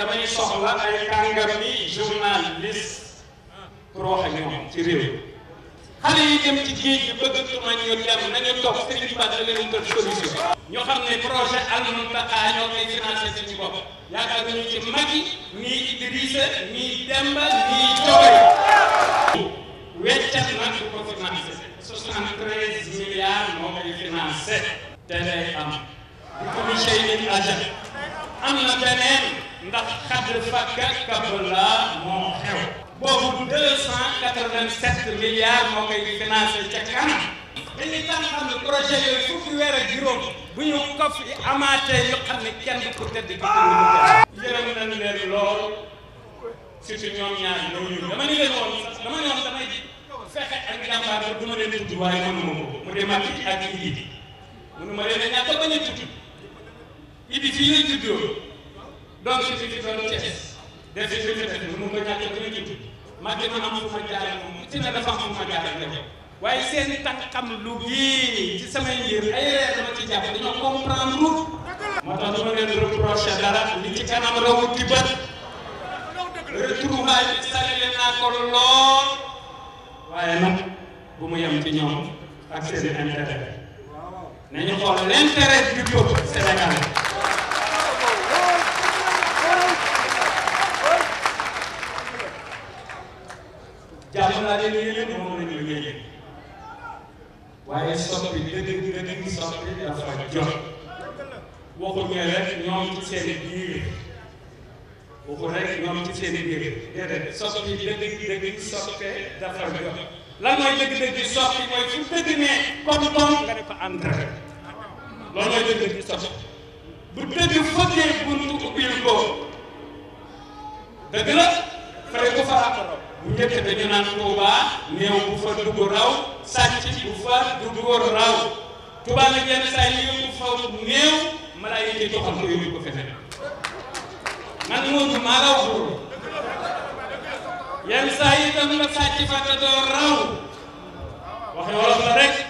damay soxla ay kàngami journaliste pour wax ak ñoom ci réew xale yi dem ci géej gi bëggatuma ñu dem nañu toog Serigne Ba da leen tëj solution. ñu xam ne projet Al-Mountakha ñoo koy financé suñu bopp yaakaar nañu ci Macky nii Idrissa nii Demba nii Diohé. weccat nag du ko financé 73 milliards moo koy financé. te day am. bu ko monsieur Ndiaye am na beneen. ndax xadd fakka kabla moo xew boobu deux cent quatre-vingt-sept milliards moo koy financé ca kanam dañuy tax xam ne projet yooyu fukki weer ak juróom bu ñu ko fi amaatee ñu xam ne kenn du ko tëdd di ko yërëm nañ leen lool surtout ñoom ñaar ñooñu dama ni leen woon sax dama ne woon damay fexe ak jàmbaar ba du ma leen tudd waaye ak Idi mënuma leen a ñàkk ba ñu tudd Idi fii lañ juddoo doom si biir doon Thiès def si biir def mu nga ñàkk ba ñu ma gën a am fu ma jaaree moom ci na dafa am fu ma jaaree ñëw waaye seen i tànk xam lu yii ci samay yër ay leer dama ci jàpp dañoo comprendre lu. moo tax dama leen reproché dara li ci kanam rawut di bët retrouvaille bi sànni leen naa ko lool waaye nag bu mu yem ci ñoom ak seen intérêt nañu xool l' intérêt du peuple sénégalais. jàpp naa ne léegi léegi moom la ñu waaye soppi dëgg dëgg soppi dafa jot waxuñu rek ñoom ci seen biir waxu rek ñoom ci seen biir déedéet soppi dëgg dëgg soppi dafa jot lan mooy dëgg dëgg soppi mooy fu dëgg ne comme comme nga ne ko engrais loolu mooy dëgg dëgg soppi bu dëgg fëggee buntu ubbil ko dëgg la fare ko fa bu njëkk dañu naan Touba néew bu fa dugg raw sàcc bu fa dugg raw Touba nag yenn saa yi yëngu fa néew malaayika yi joxal ko yóbbu ko fete man moom maa la wax loolu yenn saa yi itam nga sàcc fa te doo raw waxe wolof la rek